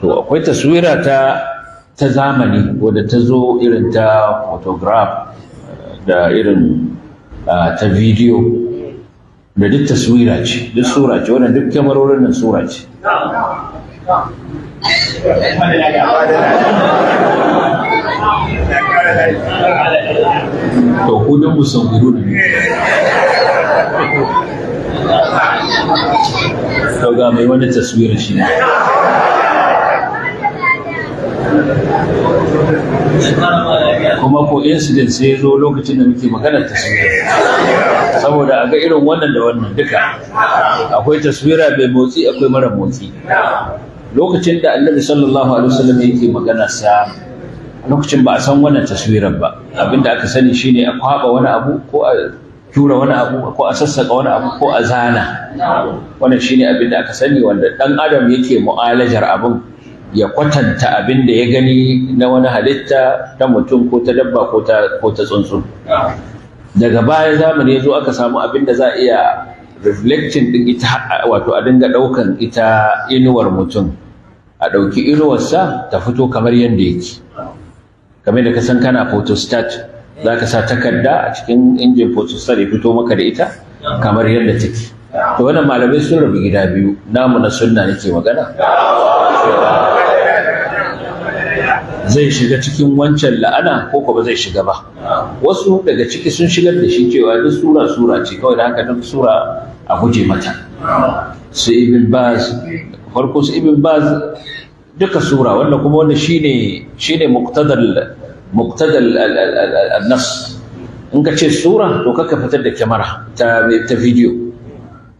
to akwai taswira ta ta zamani wadda ta zo irin ta photograph da irin ta video da duk taswira ce duk sura ce wannan duk kyamarorin nan sura ce to ku duk guru ne to ga mai wani taswira shi ne kuma ko incident sai zo lokacin da muke maganar taswira saboda a ga irin wannan da wannan duka akwai taswira mai motsi akwai mara motsi lokacin da annabi sallallahu alaihi wasallam yake magana sa lokacin ba a san wannan taswirar ba abinda aka sani shine a kwaba wani abu ko a tura wani abu ko a sassaka wani abu ko a zana wannan shine abinda aka sani wanda dan adam yake mu'alajar abin ya kwatanta abin da ya gani na wani halitta ta mutum ko ta dabba ko ta tsuntsu daga baya zamani ya zo aka samu abin da za a iya reflecting din ita wato a dinga daukan ita inuwar mutum a ɗauki inuwarsa ta fito kamar yadda yake kamar da ka san kana photostat za ka sa takarda a cikin injin photostat ya fito maka da ita kamar yadda take to wannan malamai sun rabu gida biyu namu na sunna nake magana zai shiga cikin wancan la'ana ko ba zai shiga ba wasu daga ciki sun shigar da shi cewa duk sura sura ce kawai da haka duk sura a guje mata su ibn baz farko su ibn baz duka sura wanda kuma wanda shine shine muqtadal muqtadal an-nas in ka ce sura to kaka fitar da kyamara ta ta video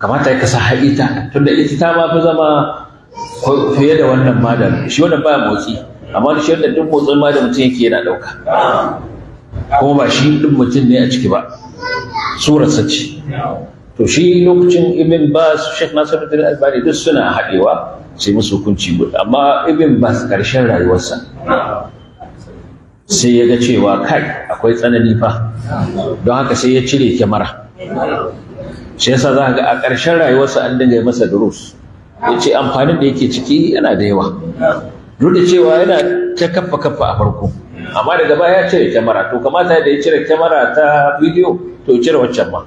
kamata ka sa haƙita tunda ita ta ma fi zama fiye da wannan ma da shi wannan baya motsi amma da da duk motsin ma da mutum yake yana ɗauka kuma ba shi duk mutum ne a ciki ba surar ce to shi lokacin ibn bas sabbata da albani duk suna haɗewa sai musu hukunci guda amma ibn bas ƙarshen rayuwarsa sai ya ga cewa kai akwai tsanani fa don haka sai ya cire kyamara shi yasa za ga a ƙarshen rayuwarsa an dinga masa durus ya ce amfanin da yake ciki yana da yawa duk da cewa yana ta kafa kafa a farko amma daga baya ya cire kyamara to kamata da ya cire kyamara ta bidiyo to ya cire waccan ma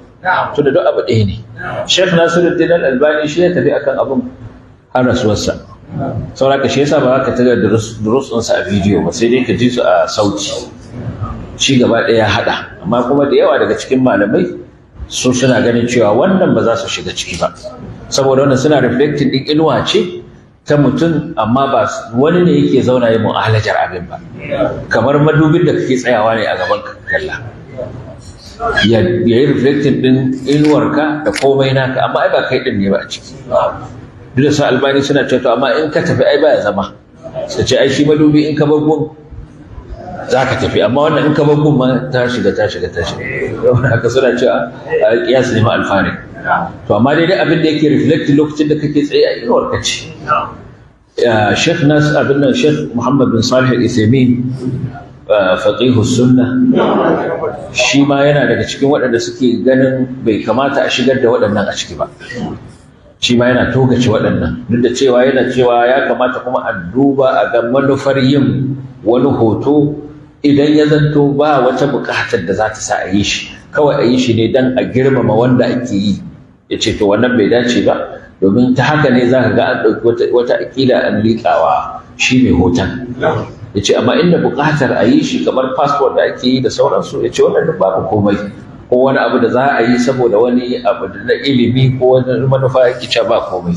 to da duk abu ɗaya ne Sheikh Nasiruddin Al-Albani shi ya tafi akan abin har rasuwarsa saboda shi yasa ba ka taga durus sa a bidiyo ba sai dai ka ji su a sauti ci gaba ɗaya haɗa amma kuma da yawa daga cikin malamai su suna ganin cewa wannan ba za su shiga ciki ba saboda wannan suna reflecting ɗin inuwa ce ta mutum amma ba wani ne yake zauna yi mu'alajar abin ba kamar madubin da kake tsayawa ne a gaban kalla ya yi reflecting din inuwarka da komai naka amma ai ba kai din ne ba a ciki duk da sa albani suna cewa amma in ka tafi ai baya zama sai ce ai shi madubi in ka bar gun za ka tafi amma wannan in ka bar gun ma ta shiga ta shiga ta shiga haka suna cewa kiyasi ne ma alfarin to amma dai abin da yake reflect lokacin da kake tsaye a inuwar ka ce uh, Sheikh Nas abin nan Sheikh Muhammad bin Salih al isamin uh, faqihus sunna shi ma yana daga cikin waɗanda suke ganin bai kamata a shigar da waɗannan a ciki ba shi ma yana togace waɗannan duk da cewa yana cewa ya kamata kuma a duba a ga manufar yin wani hoto idan ya zanto ba wata buƙatar da za ta sa a yi shi kawai a yi shi ne dan a girmama wanda ake yi ya ce to wannan bai dace ba domin ta haka ne za ka ga an ɗauki wata aƙida an liƙawa shi mai hoton ya ce amma inda buƙatar a yi shi kamar fasfo da ake yi da sauransu ya ce wannan babu komai ko wani abu da za a yi saboda wani abu da na ilimi ko wani manufa ya ce ba komai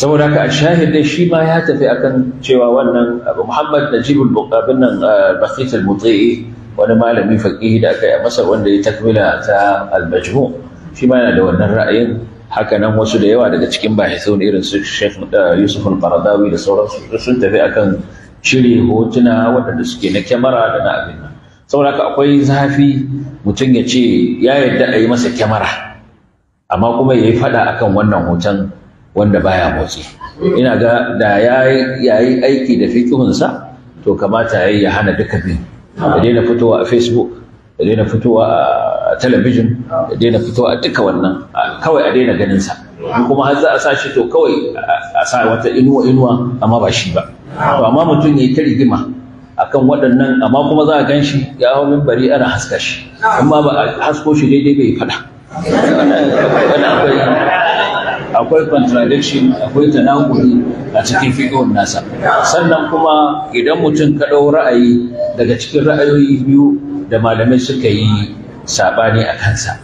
saboda haka a shahid dai shi ma ya tafi akan cewa wannan abu muhammad najibul buqabin nan ah, bakit al wani malami faƙihi da aka yi a masar wanda ya takmila ta al-majmu' shi ma yana da wannan ra'ayin haka nan wasu da yawa daga cikin bahisau na irin su da eh, Yusuf al-Qaradawi da sauransu sun tafi akan cire hotuna waɗanda suke na kyamara da na abin nan saboda haka akwai zafi mutum ya ce ya yarda a yi masa kyamara amma kuma ya yi faɗa akan wannan hoton wanda baya motsi ina ga da ya yi aiki da fikihunsa to kamata ya yi ya hana duka biyu da daina fitowa a facebook ya daina fitowa a talabijin ya daina fitowa a duka wannan kawai a daina ganin sa kuma har za a sa shi to kawai a sa wata inuwa inuwa amma ba shi ba to amma mutum ya yi ta rigima akan waɗannan amma kuma za a gan shi ya hau bari ana haska shi amma ba hasko shi daidai bai faɗa akwai contradiction akwai tanakuri a cikin fiƙon nasa sannan kuma idan mutum ka ɗau ra'ayi daga cikin ra'ayoyi biyu da malamai suka yi saɓani a kansa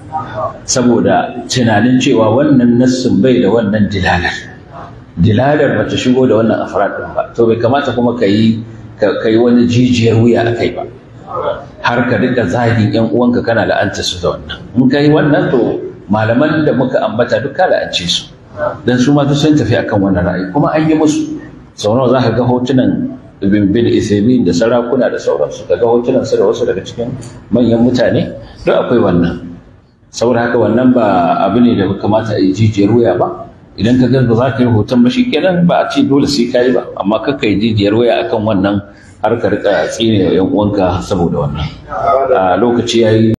saboda tunanin cewa wannan nassin bai da wannan dilalar dilalar ba ta shigo da wannan afirat ba to bai kamata kuma ka yi wani jijiyar wuya a kai ba har ka rika zagin yan uwanka kana la'anta su da wannan in kai wannan to malaman da muka ambata duk ka la'ance su dan su ma sun tafi akan wannan ra'ayi kuma an yi musu sau nawa za ka ga hotunan ibn bin Uthaymeen da sarakuna da sauransu daga hotunan su da wasu daga cikin manyan mutane don akwai wannan saboda haka wannan ba abu ne da kamata a yi jijiyar waya ba idan ka ga za ka yi hoton ba kenan ba a ce dole sai ka yi ba amma kakka yi jijiyar waya akan wannan har ka rika tsine yan uwanka saboda wannan a lokaci yayi